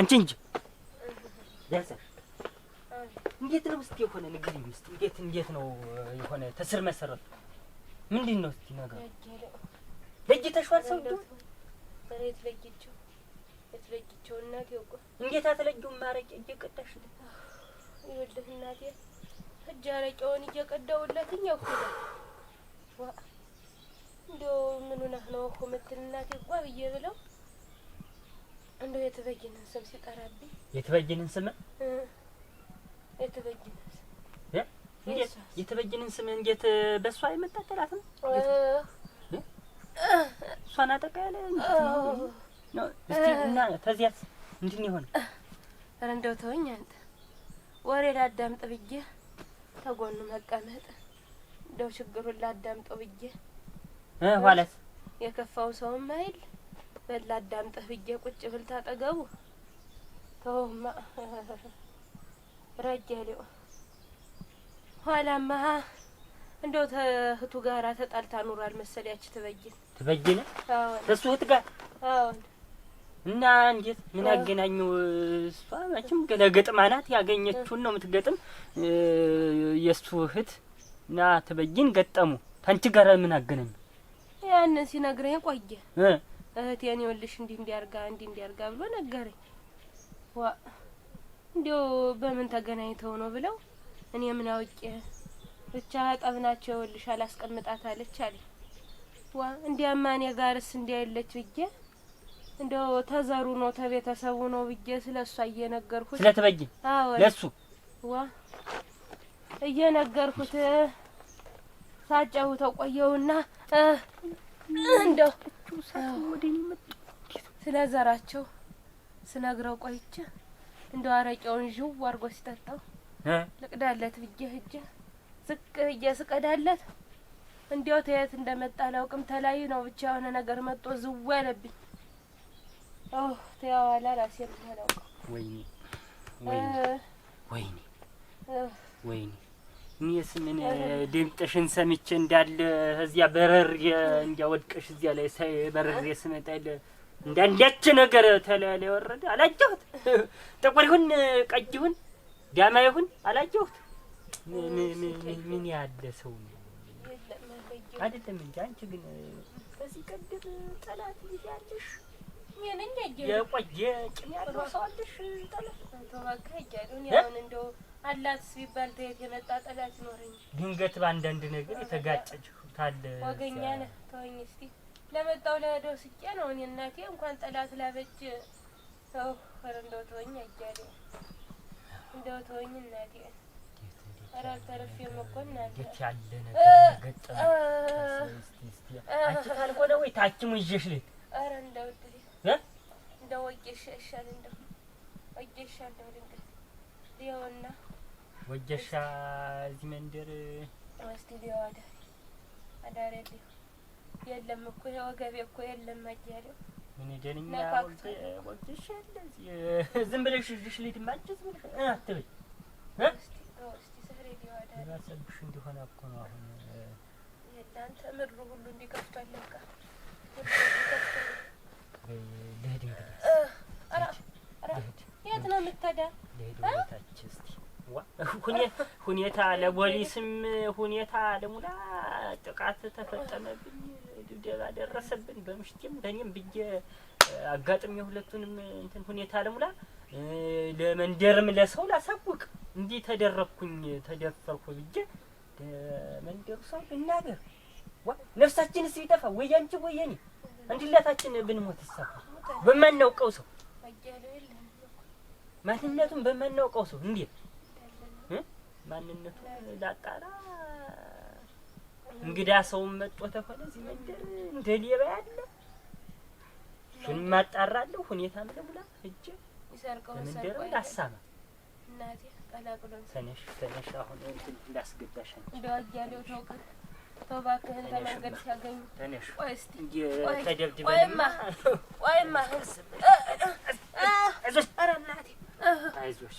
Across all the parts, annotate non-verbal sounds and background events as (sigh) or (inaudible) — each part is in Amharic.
አንቺ እንጂ እንዴት ነው እስቲ የሆነ ንግሪኝ እስቲ እንዴት እንዴት ነው የሆነ ተስር መሰረቱ ምንድን ነው እስቲ ነገሩ? ለይተሽዋል? ሰው እንደው መሬት ለይቼው የትለይቼው እናቴ እኮ እንዴት አትለጊውም? ማረቄ እየቀዳሽ ነው ይኸውልህ፣ እናቴ እጅ አረቄውን እየቀዳሁለት እኛ እኮ ነው እንደው ምኑን ነው እኮ የምትል እናቴ እኮ ብለው እንደው የተበየነን ስም ሲጠራብኝ የተበየነን ስም የተበየነን ስም እንዴት በእሷ የምታጠላት ነው? እሷን አጠቃ ያለ ነው። እና ተዚያስ እንድን ይሆን? ኧረ እንደው ተወኝ አንተ ወሬ ላዳምጥ ብዬ ተጎኑ መቀመጥ እንደው ችግሩን ላዳምጠው ብዬ እ የከፋው ሰውም አይል በላ አዳምጠህ ብዬ ቁጭ ብል ታጠገቡ ተውማ (laughs) ረጀሌው ኋላማ እንደው ተህቱ ጋራ ተጣልታ ኑራል መሰለያች። ትበይን ትበይን ተሱ እህት ጋር አዎን። እና እንዴት ምን ያገናኘው? እሷ መቼም ለገጥማ ናት ያገኘችውን ነው የምትገጥም። የእሱ እህት ና ትበይን ገጠሙ። ታንቺ ጋር ምን አገናኘው? ያንን ሲነግረኝ ቆየ እህቴ እኔ ይኸውልሽ እንዲህ እንዲያርጋ እንዲህ እንዲያርጋ ብሎ ነገረኝ። ዋ እንዲያው በምን ተገናኝተው ነው ብለው እኔ ምን አውቄ ብቻ አጠብናቸው ይኸውልሽ አላስቀምጣት አለች አለኝ። ዋ እንዲያማ እኔ ጋርስ እንዲያ የለች ብዬ እንደው ተዘሩ ነው ተቤተሰቡ ነው ብዬ ስለ እሷ እየነገርኩት አዎ ለሱ ዋ እየነገርኩት ሳጫውተው ተቆየውና እንደው ናቸው ወደ እኔ መጡ። ስለ ዘራቸው ስነግረው ቆይቼ እንደው አረቄውን ዥው አድርጎ ሲጠጣው ልቅዳለት ብዬ ሂጄ ዝቅ ብዬ ስቀዳለት እንዲያው ተየት እንደመጣ አላውቅም። ተለያዩ ነው ብቻ የሆነ ነገር መጦ ዝው ያለብኝ ተያዋላ ራሴ አላውቅም። ወይኔ ወይኔ ወይኔ ወይኔ እኔስ ምን ድምፅሽን ሰምቼ እንዳለ እዚያ በረር እንዲያ ወድቀሽ እዚያ ላይ ሳይ በረር ስመጣል እንዳንዳች ነገር ተላለ ወረደ አላየሁት። ጥቁር ይሁን ቀይ ይሁን ዳማ ይሁን አላየሁት። ምን ያለ ሰው ነው አይደለም እንጂ አንቺ ግን ከዚህ ቀደም ጠላት ይያለሽ የቆየ ጭም ያለው ሰው አለሽ ጠላት ተባካ ይያሉኝ አሁን እንደው አላት ሲባል ተየት የመጣ ጠላት ይኖር እንጂ ድንገት በአንዳንድ ነገር የተጋጨችሁ ታለ ወገኛ ነህ። ተወኝ እስቲ ለመጣው ለደው ስቄ ነው እኔ እናቴ እንኳን ጠላት ላበጅ ሰው ኧረ እንደው ተወኝ አያሌ እንደው ተወኝ እናቴ ያለ ነገር ወይ እንደው እንደው እንደው ወጀሻ እዚህ መንደር ወስቲ ቢዋዳ አዳር የለም የለም እኮ ወገቤ እኮ የለም አያሌው ምን ደንኛ ወጀሻ አለ ዝም ብለሽ ልጅሽ ልጅ ዝም ብለሽ አትበይ ወስቲ ወስቲ እንደሆነ እኮ ነው አሁን የእናንተ ምድሩ ሁሉ እንዲከፍቷል ለካ ልሂድ እንግዲህ የት ነው የምትሄዳ ልሂድ እስኪ ሁኔታ ለፖሊስም ሁኔታ ለሙላ ጥቃት ተፈጸመብኝ፣ ድብደባ ደረሰብን። በምሽቴም በእኔም ብዬ አጋጥሚ የሁለቱንም እንትን ሁኔታ ለሙላ ለመንደርም ለሰው ላሳውቅ እንዲህ ተደረግኩኝ ተደፈርኩ ብዬ ለመንደሩ ሰው ነፍሳችን ስ ይጠፋ ወይ አንቺ ወይ እኔ ብንሞት ይሰፋ በማናውቀው ሰው ማንነቱን በማናውቀው ሰው እንዴት ማንነቱን ላጣራ እንግዳ ሰውን መጥቶ ተፈለ እዚህ መንደር እንደ ሌባ ያለ እሱን ማጣራለሁ። ሁኔታም ልሙላ እጅ መንደር እንዳሳማ ተነሽ ተነሽ፣ አሁን እንዳስገባሽ እንደዋያሌው ተውቀት ተው እባክህን፣ ሲያገኙ ተነሽ። ተደብድበንማ ቆይማ ኧረ እናቴ አይዞሽ፣ አይዞሽ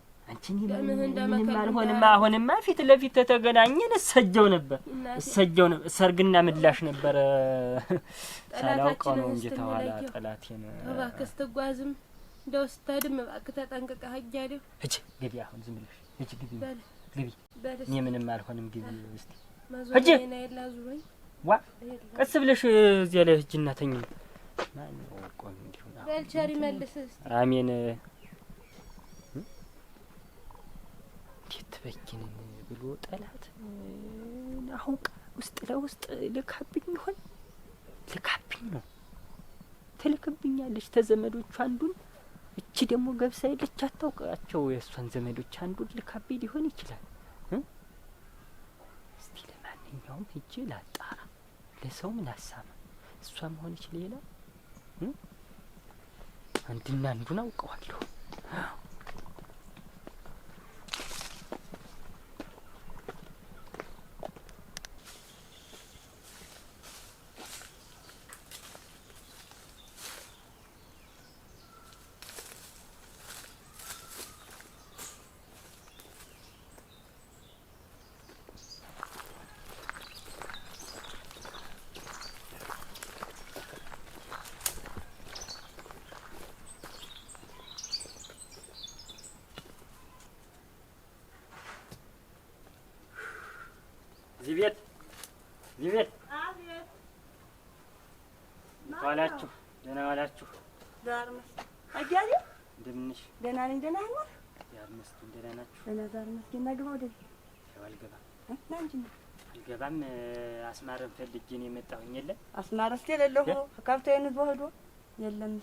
ምንም አልሆንማ። አሁንማ ፊት ለፊት ተገናኘን፣ እሰጀው ነበር እሰጀው ነበር። ሰርግና ምላሽ ነበር። ሳላውቀው ነው እንጂ ተኋላ ጠላቴን። እባክህ ስትጓዝም እንደው ስትሄድም እባክህ ተጠንቅቀህ እያለሁ ሂጂ ግቢ። አሁን ዝም ብለሽ ሂጂ ግቢ ግቢ። እኔ ምንም አልሆንም ግቢ። እስኪ ሂጂ ዋ ቀስ ብለሽ እዚያ ላይ ሂጂና ተኝም። ማን ነው ያውቀው እንዲሁ አሜን እንዴት በኪን ብሎ ጠላት አሁን ውስጥ ለውስጥ ልካብኝ ይሆን? ልካብኝ ነው ትልክብኛለች። ተዘመዶቹ አንዱን እቺ ደግሞ ገብሳ የለች አታውቃቸው። የእሷን ዘመዶች አንዱን ልካብኝ ሊሆን ይችላል። እስቲ ለማንኛውም ሂጄ ላጣራ፣ ለሰውም ላሳማ። እሷም ሆነች ሌላ አንድና አንዱን አውቀዋለሁ። ይቤት ዋላችሁ? ደህና ዋላችሁ? ደህና ነኝ። ደህና ና ግባ አልገባም። ና አልገባም። አስማረን ፈልጌ ነው የመጣሁኝ። የለም አስማረ እስኪ የሌለሁ ሄዶ የለም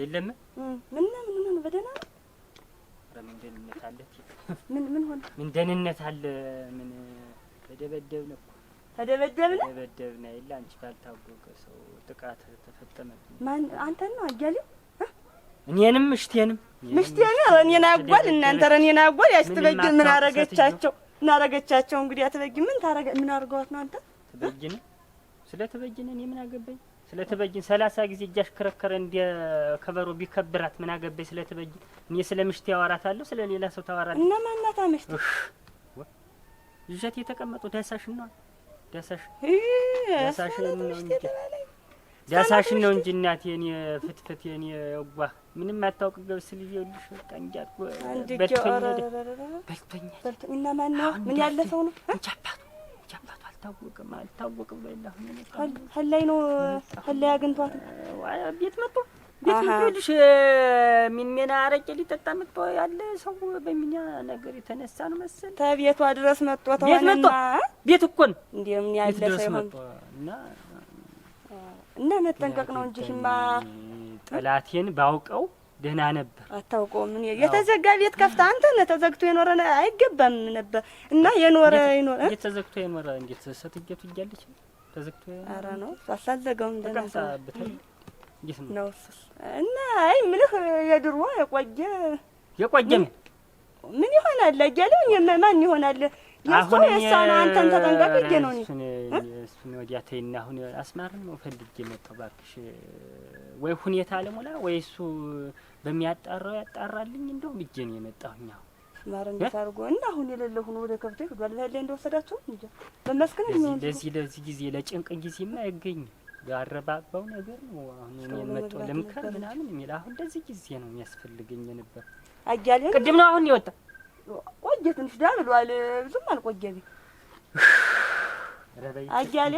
የለም። ምን ምን በደህና ነው። ምን ደህንነት አለ? ምን ምን ሆነ? ምን ደህንነት አለ? ምን ተደበደብን እኮ ተደበደብን ተደበደብን አይደል? አንቺ ባልታወቀ ሰው ጥቃት ተፈጸመብኝ። ማን? አንተን ነው አያሌው? እኔንም እሽቴንም ምሽቴን እኔን አጓል እናንተ እኔን አጓል ያች ትበጊ ምን አረገቻቸው? ምን አረገቻቸው? እንግዲህ አትበጊ ምን ታረገ? ምን አርገዋት ነው አንተ ትበጊን? ስለ ትበጊን እኔ ምን አገባኝ? ስለ ትበጊን ሰላሳ ጊዜ እጃሽ ከረከረ እንደ ከበሮ ቢከብራት ምን አገባኝ? ስለ ትበጊን እኔ ስለ ምሽቴ አወራታለሁ፣ ስለ ሌላ ሰው ታወራለህ እና ማናታ ምሽቴ ይዣት የተቀመጡ ዳሳሽ ነው ዳሳሽን ነው እንጂ ነው እንጂ እናት የኔ ፍትፍት የኔ ጓ ምንም አታውቅ። ገብስ ልጅ ይኸውልሽ በቃ እንጃ በልቶኛል። እና ማን ነው ምን ያለፈው ነው እንጂ አባቱ እንጂ አባቱ አልታወቅም አልታወቅም። በላሁ ላይ ነው ላይ አግኝቷት ቤት መጡ ቤት እንግዲህ ሚሜና አረቄ ሊጠጣ መጥቶ ያለ ሰው በሚኛ ነገር የተነሳ ነው መሰል ተቤቷ ድረስ መጥቶ ቤት መጥቶ ቤት እኮ ነው ምን ያለ ሰው ይሆን እና መጠንቀቅ ነው እንጂ ሽማ ጠላቴን ባውቀው ደህና ነበር። አታውቀውም። ምን የተዘጋ ቤት ከፍታ አንተ ነህ። ተዘግቶ የኖረ አይገባም ነበር እና የኖረ ይኖር የተዘግቶ የኖረ እንዴት ሰትጌቱ እያለች ተዘግቶ ኧረ ነው አሳዘገውም ደህና ነው እሱስ። እና አይ ምልህ የድሮ የቆየ የቆየ ምን ይሆናል አያሌው፣ እኔማ ማን ይሆናል አሁን ነው አንተን ተጠንቀቅ ብዬሽ ነው። እኔ እሱን ወዲያ ተይና አሁን አስማርን ነው ፈልጌ መጣሁ። እባክሽ ወይ ሁኔታ አለሙላ ወይ እሱ በሚያጣራው ያጣራልኝ እንደው ብዬሽ ነው የመጣሁኝ። አሁን አስማር እንዴት እና አሁን የሌለ ሆኖ ወደ ከብቶ ይሄዳል። ለሌለ እንደወሰዳችሁ ነው ለዚህ ለዚህ ጊዜ ለጭንቅ ጊዜማ አይገኝም ያረባባው ነገር ነው። አሁን እኔ የመጣው ልምከር ምናምን የሚል አሁን እንደዚህ ጊዜ ነው የሚያስፈልገኝ የነበር አያሌ ቅድም ነው አሁን የወጣ ቆየ ትንሽ ዳር ብሏል። ብዙም አልቆየ አያሌ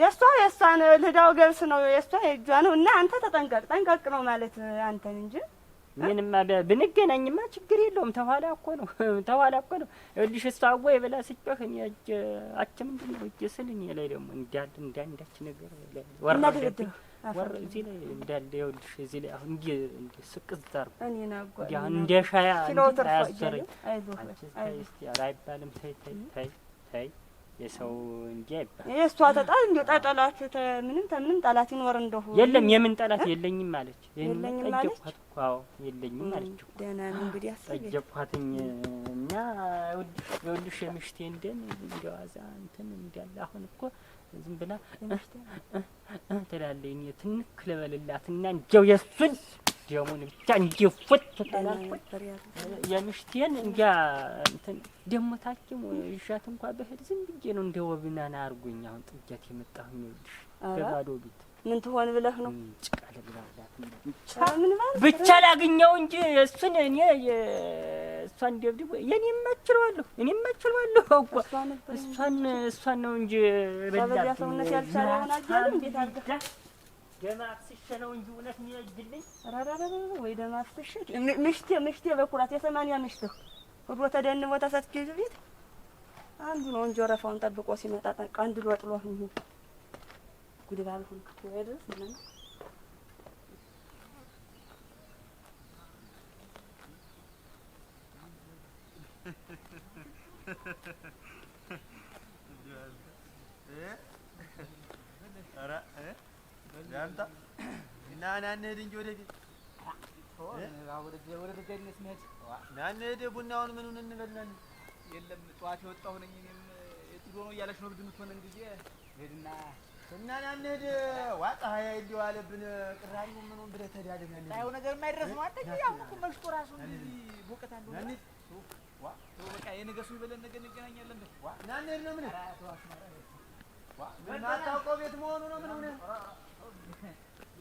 የእሷ የእሷን ልዳው ገብስ ነው የእሷ የእጇ ነው እና አንተ ተጠንቀቅ ጠንቀቅ ነው ማለት አንተን እንጂ ምንማ ብንገናኝማ ችግር የለውም። ተኋላ እኮ ነው (laughs) ተኋላ እኮ ነው እልሽ እሷ ወይ ብላ ስጮህ እኔ አቸ ምንድን ነው ስል እኔ ላይ ደግሞ እንዳል እንዳንዳች ነገር ወረደብኝ። እዚህ ላይ ይኸውልሽ እዚህ ላይ አሁን እንዲ ስቅዝ ታርጉ እንደ ሻያ አያዘረኝ። አይባልም። ተይ ተይ ተይ ተይ የሰው እንዲህ አይባል። የእሷ ተጣል እንዲሁ ጠጠላት ምንም ተምንም ጠላት ይኖር እንደሁ የለም። የምን ጠላት የለኝም አለች። የለኝም አለች። አዎ የለኝም አለች። ደህና ነው እንግዲህ አሰብ ጠጀኳትኝ እና ይኸውልሽ የምሽቴ እንደን እንዲዋዛ እንትን እንዳለ አሁን እኮ ዝም ብላ ትላለች። እኔ ትንክ ልበልላትና እንጀው የሱን ደሙን ብቻ እንዲፈት የሚሽቴን እንጃ እንትን ደግሞ ታኪም ይሻት እንኳ በህል ዝም ብዬ ነው እንደ ወብናና አርጉኝ። አሁን ጥጃት የመጣሁ ይኸውልሽ በባዶ ቤት ምን ትሆን ብለህ ነው ጭቃ ልብላላት ብቻ ላግኘው እንጂ እሱን እኔ እሷን የኔ እኔ እኮ እሷን እሷን ነው እንጂ ሰውነት ያልቻለ ሆናል እንዴት ደም አፍስሼ ነው እንጂ እውነት የሚወድልኝ ወይ ምሽቴ ምሽቴ በኩራት ተደንቦ አንዱ ነው እንጂ ወረፋውን ጠብቆ ሲመጣ ቀንድ ሎጥሎ ጉድ ባልሆንክ ድረስ ምናምን (laughs) ኧረ እ ያምጣ እና ና እንሂድ እንጂ ወደ ቤት ና እንሂድ። ቡናውን ምኑን እንበላለን። የለም ጠዋት የወጣሁ ነኝ እኔም የት ሂዶ ነው እያለች ነው ብድን የምትሆነን ጊዜ ሄድና እና ና እንሂድ። ዋ ፀሐይ እንዲያው አለብን ቅራሪውን ምኑን ብለህ ተዳደም ያለ ፀሐዩ ነገር የማይደርስ ነው። አንተ ጊዜ እኮ መሽቶ እራሱ እንደዚህ ቦቀት አለው በቃ የነገሱ ይበለን። ነገ እንገናኛለን። ና እንሂድ ነው የምልህ። ምን ማታውቀው ቤት መሆኑ ነው ምን ሆነህ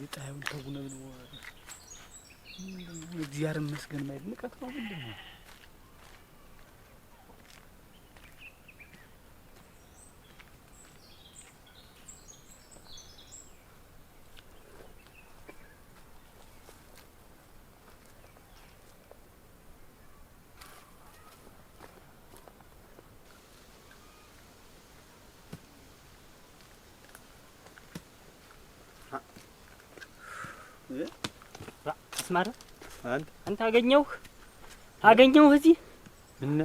የፀሐዩን ተጉነን እግዚአብሔር ይመስገን ማየት ንቀት ነው ምንድን ነው? አንተ አገኘው አገኘው እዚህ ምን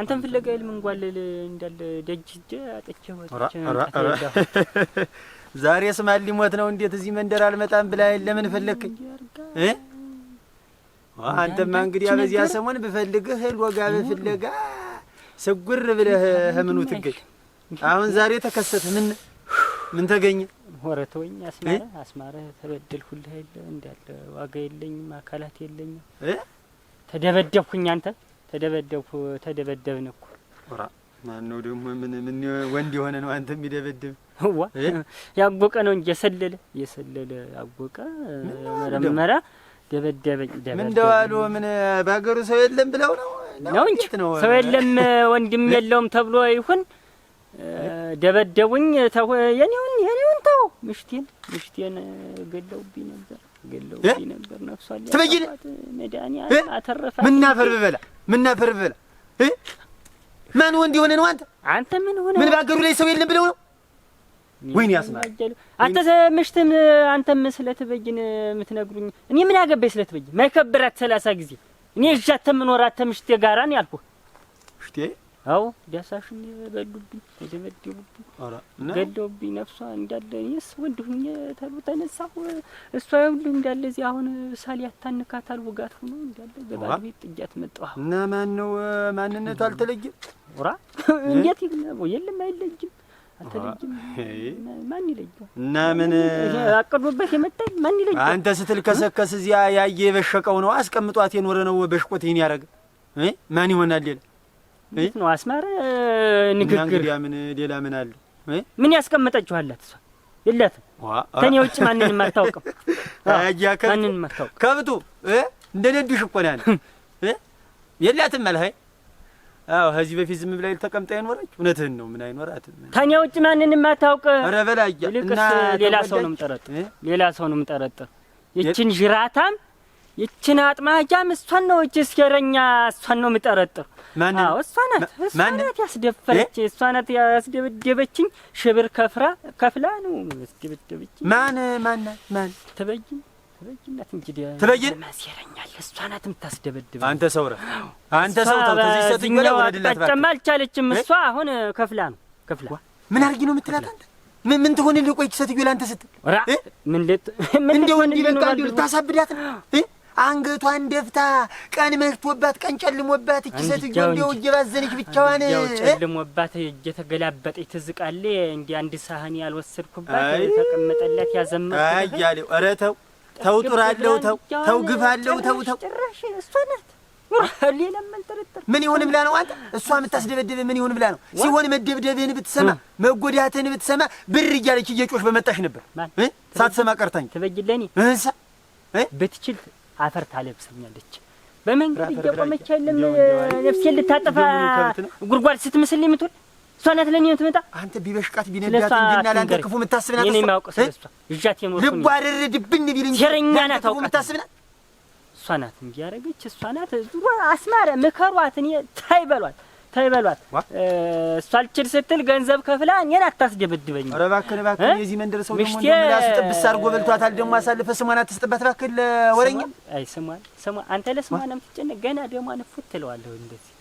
አንተም ፍለጋ ምን ጓለል እንዳለ ደጅ ሂጅ አጠቸው አጠቸው ዛሬ ስማ ሊሞት ነው። እንዴት እዚህ መንደር አልመጣም ብለህ ለምን ፈለግከኝ እ አንተማ እንግዲህ በዚያ ሰሞን ብፈልግህ እህል ወጋ በፍለጋ ስጉር ብለህ ህምኑ ትገኝ። አሁን ዛሬ ተከሰተ። ምን ምን ተገኘ? ወረተወኝ አስማረ አስማረ ተበደልኩልህ የለ እንዳለ ዋጋ የለኝም አካላት የለኝም። ተደበደብኩኝ አንተ ተደበደብኩ ተደበደብን እኮ ራ ማነው ደግሞ ምን ምን ወንድ የሆነ ነው አንተ የሚደበድብ ዋ ያቦቀ ነው እንጂ የሰለለ የሰለለ አቦቀ መረመራ ደበደበኝ። ምን ደዋሉ ምን በሀገሩ ሰው የለም ብለው ነው ነው እንጂ ሰው የለም ወንድም የለውም ተብሎ ይሁን ደበደቡኝ። ተው የኔውን የኔውን ተው። ምሽቴን ምሽቴን ገለውብኝ ነበር ገለውብኝ ነበር። ነፍሷል ትበይል መድኃኒዓለም አተረፋ። ምናፈር ብበላ ምናፈር ብበላ ማን ወንድ የሆነ ነው? አንተ አንተ ምን ሆነ? ምን ባገሩ ላይ ሰው የለም ብለው ነው? ወይኔ ያስማል። አንተ ምሽትም አንተም ስለትበይን የምትነግሩኝ እኔ ምን ስለ ስለትበይን መከብራት ሰላሳ ጊዜ እኔ እዣ ተምኖራት ተምሽቴ ጋራ ነው ያልኩህ ምሽቴ አዎ ዳሳሽን የበሉብኝ የደበደቡብኝ ገደውብኝ ነፍሷ እንዳለ የስ ወንድሁኝ ተሉ ተነሳሁ እሷ ሁሉ እንዳለ እዚህ አሁን ሳል ያታንካታል ውጋት ሆኖ እንዳለ ቤት ጥጃት መጣሁ እና ማን ነው ማንነቱ አልተለየም። ራ እንዴት ይግነቦ የለም አይለጅም አልተለጅም። ማን ይለየው እና ምን አቅዶበት ማን ይለየው። አንተ ስትል ከሰከስ እዚያ ያየ የበሸቀው ነው አስቀምጧት የኖረ ነው በሽቆት ይህን ያደረገ ማን ይሆናል ሌላ ቤት ነው አስማረ ንግግር ምን ሌላ ምን አለ? ምን ያስቀምጠችኋላት? እሷ የላትም ከኔ ውጭ ማንንም አታውቅም። (laughs) ማንንም አታውቅም። ከብቱ እንደ ነዱሽ እኮ ነው ያለ የላትም አልሀይ አዎ ከዚህ በፊት ዝም ብላ ተቀምጣ ይኖረች። እውነትህን ነው። ምን አይኖራትም። ተኛ ውጭ ማንንም አታውቅም። ኧረ በላያ እና ሌላ ሰው ነው የምጠረጥር፣ ሌላ ሰው ነው የምጠረጥር። ይችን ጅራታም፣ ይችን አጥማጃም እሷን ነው። እች እስኬረኛ እሷን ነው የምጠረጥር። እሷ ናት እሷ ናት ያስደፈረች፣ እሷ ናት ያስደበደበችኝ። ሽብር ከፍራ ከፍላ ነው ያስደበደበችኝ። ማን ማን ማን ትበይኝ ትበይናት እንጂ ትበይን ማሴረኛል። እሷ ናት የምታስደበድበ። አንተ ሰው አንተ ሰው ተው። ተዚህ አልቻለችም። እሷ አሁን ከፍላ ነው ከፍላ። ምን አድርጊ ነው የምትላት አንተ? ምን ምን ትሆንልህ? ቆይ ስትዩ ለአንተ ስትል ምን ምን እንደው እንዲህ በቃ እንዲሁ ልታሳብዳት ነው አንገቷን ደፍታ ቀን መሽቶባት ቀን ጨልሞባት እቺ ሴትዮ እንደው እየባዘነች ብቻዋን ጨልሞባት እየተገላበጠች ትዝቃለ። እንዲ አንድ ሳህን ያልወሰድኩባት ተቀመጠላት ያዘመርኩ እያሌው ኧረ ተው ተው፣ ጡራለሁ ተው ተው፣ ግፋለሁ ተው ተው። ጭራሽ እሷ ናት። ሌላ ምን ጥርጥር ምን ይሁን ብላ ነው አንተ እሷ የምታስደበድብህ? ምን ይሁን ብላ ነው ሲሆን መደብደብህን ብትሰማ መጎዳትህን ብትሰማ ብር እያለች እየጮሽ በመጣሽ ነበር። ሳትሰማ ቀርታኝ ትበጅለኒ ብትችል አፈር ታለብሰኛለች። በመንገድ እየቆመች ያለም ነፍሴን ልታጠፋ ጉድጓድ ስትምስል የምትውል እሷ ናት ለእኔ የምትመጣ። አንተ ቢበሽቃት ቢነዳት እንዲና ለአንተ ክፉ የምታስብ ናት። እኔ ማውቀ ስለሷ እዣት የኖርኩ ልቧ አደረድብን ቢል እንጂ ሴረኛ ናት። አውቃት የምታስብ ናት እሷ ናት እንዲያረገች እሷ ናት። አስማረ ምከሯት፣ እኔ ታይ ተይ በሏት። እሷ አልችል ስትል ገንዘብ ከፍላ እኔን አታስደበድበኝ። ኧረ እባክህን እባክህን፣ የዚህ መንደር ሰው ደግሞ ምላሱ ጥብስ አድርጎ በልቷታል። ደግሞ አሳልፈ ስሟን አትስጥበት እባክህን፣ ለወሬኛ። አይ ስሟን ስሟን፣ አንተ ለስሟን የምትጨነቅ ገና ደግሞ እፉት ትለዋለሁ እንደዚህ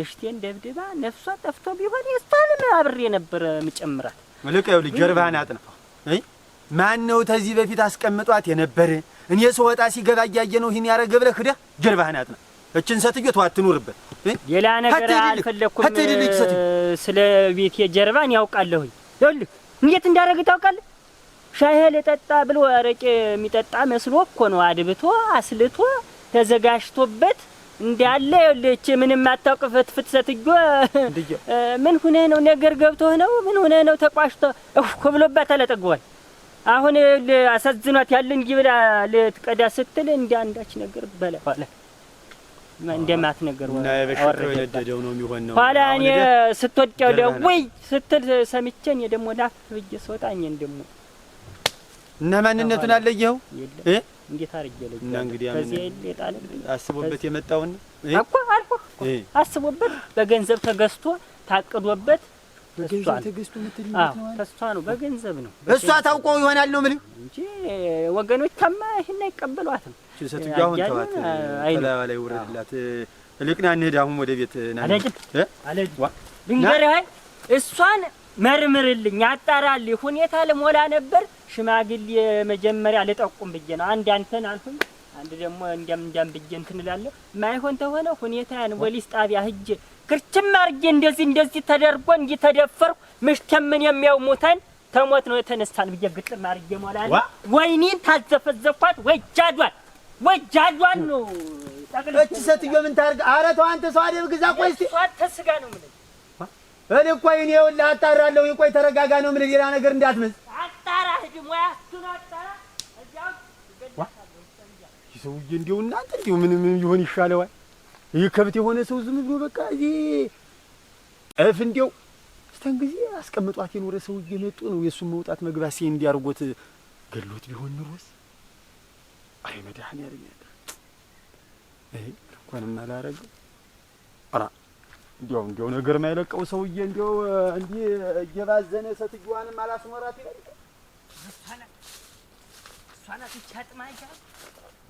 ምሽቴን ደብድባ ነፍሷ ጠፍቶ ቢሆን የስታልም አብሬ ነበረ ምጨምራት። ልቀ ያው ልጅ ጀርባህን አጥንፋ። ማን ነው ተዚህ በፊት አስቀምጧት የነበረ? እኔ ስወጣ ሲገባ እያየ ነው ይህን ያረገ ብለህ ሂደህ ጀርባህን አጥንፋ እችን ሰትዮ ተዋት ትኑርበት። ሌላ ነገር አልፈለኩም። ስለ ቤቴ ጀርባን ያውቃለሁ። ይኸውልህ እንዴት እንዳደረግ ታውቃለህ? ሻይ ልጠጣ ብሎ አረቄ የሚጠጣ መስሎ እኮ ነው። አድብቶ አስልቶ ተዘጋጅቶበት እንዳለ ይኸውልህ፣ ምንም አታውቅ ፍትፍት ሰትዮ። ምን ሁነህ ነው? ነገር ገብቶህ ነው? ምን ሁነህ ነው? ተቋሽቶ እኮ ብሎባታል፣ አጠግቧል። አሁን አሳዝኗት ያለን ጊብላ ልትቀዳ ስትል እንደ አንዳች ነገር በላ እንደማትነገር የነደደው ነው የሚሆን ነው። ኋላ እኔ ስትወድቀው ደውይ ስትል ሰምቼ እኔ ደግሞ ላፍ ብዬ ስወጣ እኔን ደግሞ እና ማንነቱን አለየኸው እንዴት አድርጌ ለይ እና እንግዲህ አስቦበት የመጣውን አስቦበት በገንዘብ ተገዝቶ ታቅዶበት ተስቷ ነው፣ በገንዘብ ነው። እሷ ታውቆ ይሆናል ነው የምልህ እንጂ ወገኖቿማ ይህን አይቀበሏትም። ሴትዮ አሁን ተዋት፣ ላዋ ላይ ውረድላት። ልቅና እንሂድ አሁን ወደ ቤት ድንገሪያ እሷን መርምርልኝ፣ አጣራልኝ። ሁኔታ ልሞላ ነበር ሽማግሌ መጀመሪያ ልጠቁም ብዬ ነው። አንድ አንተን አልሁኝ፣ አንድ ደግሞ እንዲያም እንዲያም ብዬ እንትን እላለሁ። ማይሆን ተሆነ ሁኔታን ወሊስ ጣቢያ ህጅ ግርችም አርጌ እንደዚህ እንደዚህ ተደርጎ እንዲተደፈርኩ ምሽቴም ምን የሚያው ሙተን ተሞት ነው የተነሳን ብዬ ግጥም አድርጌ ሞላል። ወይኔን ታዘፈዘፏት ወይ ጃዷን ወይ ጃዷን ነው እቺ ሴትዮ ምን ታርግ? ኧረ ተው አንተ ሰው አይደል ግዛ። ቆይ እስኪ ተስጋ ነው ምን እኔ እኮ ይኔ ይኸውልህ አጣራለሁ። ቆይ ተረጋጋ ነው ምን ሌላ ነገር እንዳትመስ አጣራ ሂድ ሙያ እሱን አጣራ እዚያው ይሰውዬ እንዲሁ እናንተ እንዲሁ ምን ምን ይሆን ይሻለዋል ይህ ከብት የሆነ ሰው ዝም ብሎ በቃ እዚህ እፍ እንዲያው እስተን ጊዜ አስቀምጧት የኖረ ሰው እየመጡ ነው የእሱን መውጣት መግባት ሴ እንዲያርጎት ገሎት ቢሆን ኑሮስ አይ መድህን ያደርግ ይሄ እንኳንም አላረገው ራ እንዲያው እንዲያው ነገር ማይለቀው ሰውዬ እንዲያው እንዲህ እየባዘነ ሴትዮዋንም አላስመራት ይላል እሷ ናት እሷ ናት ይቻጥማ ይቻል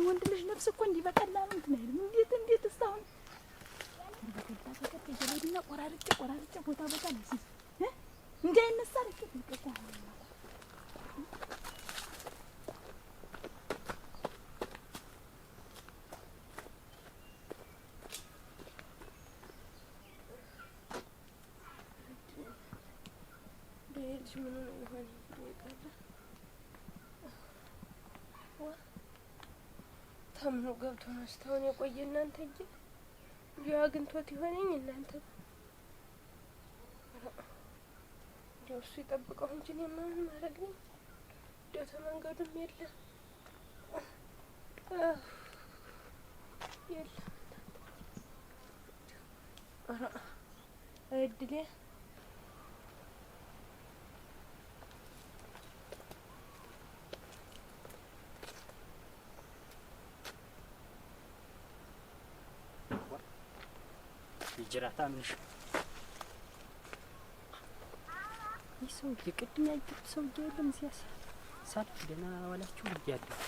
የወንድ ልጅ ነፍስ እኮ እንዲህ በቀላሉ እንትን አይልም። እንዴት እንዴት እስካሁን ቆራርጬ ቆራርጬ ቦታ ቦታ ነው እንዲህ አይነሳ ነው ገብቶ ነው እስካሁን የቆየ እናንተ እንጂ እንዲሁ አግኝቶት ይሆነኝ እናንተ እንዲሁ እሱ ይጠብቀው እንጂ እኔ ምን ማድረግ ነኝ? እንዲያው ተመንገዱም የለ የለ እድሌ jiraata amnisha ይህ ሰው ቅድም ያየሁት ሰውዬ የለም እዚያ ሳል ደህና ዋላችሁ ብያለሁ።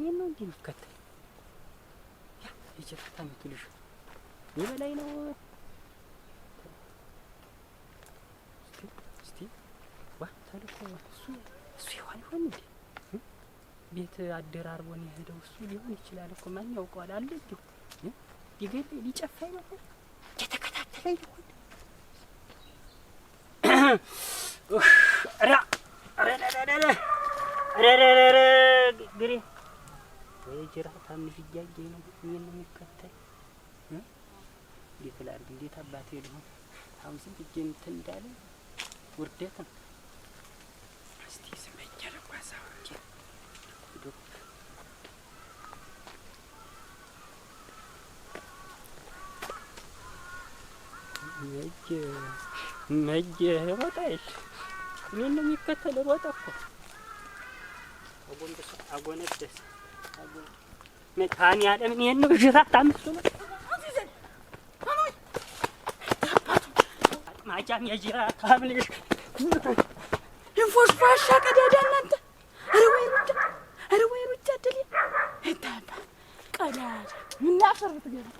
ይህ ነው የሚከተል ያ የጅራታ ሚቱ ልጅ የበላይ ነው። እስቲ ዋ እሱ እሱ ይሆን ይሆን እንዴ ቤት አደራርቦን የሄደው እሱ ሊሆን ይችላል እኮ ማን ያውቀዋል? አለ ሊገል ሊጨፋኝ ነበር እየተከታተለኝ ነበር። ራ እያየኝ ነው። እኔን የሚከተል። እንዴት ላድርግ? እንዴት አባቴ ልሆን? አሁን ስንት እጄ እንትን እንዳለ ውርደት ነው። መጌ ሮጣ ይሽ እኔን ነው የሚከተል ሮጠ እኮ አጎንብሰ አጎነበሰ መድኃኒዓለም እኔን ነው ጅራት አምስቱ ነው ማጃም የጅራት አምልሽ እንፎሽፋሻ ቀዳዳ እናንተ ኧረ ወይ ሩጫ ኧረ ሩጫ ድል ይታባ ቀዳዳ ምናፈር ብትገባ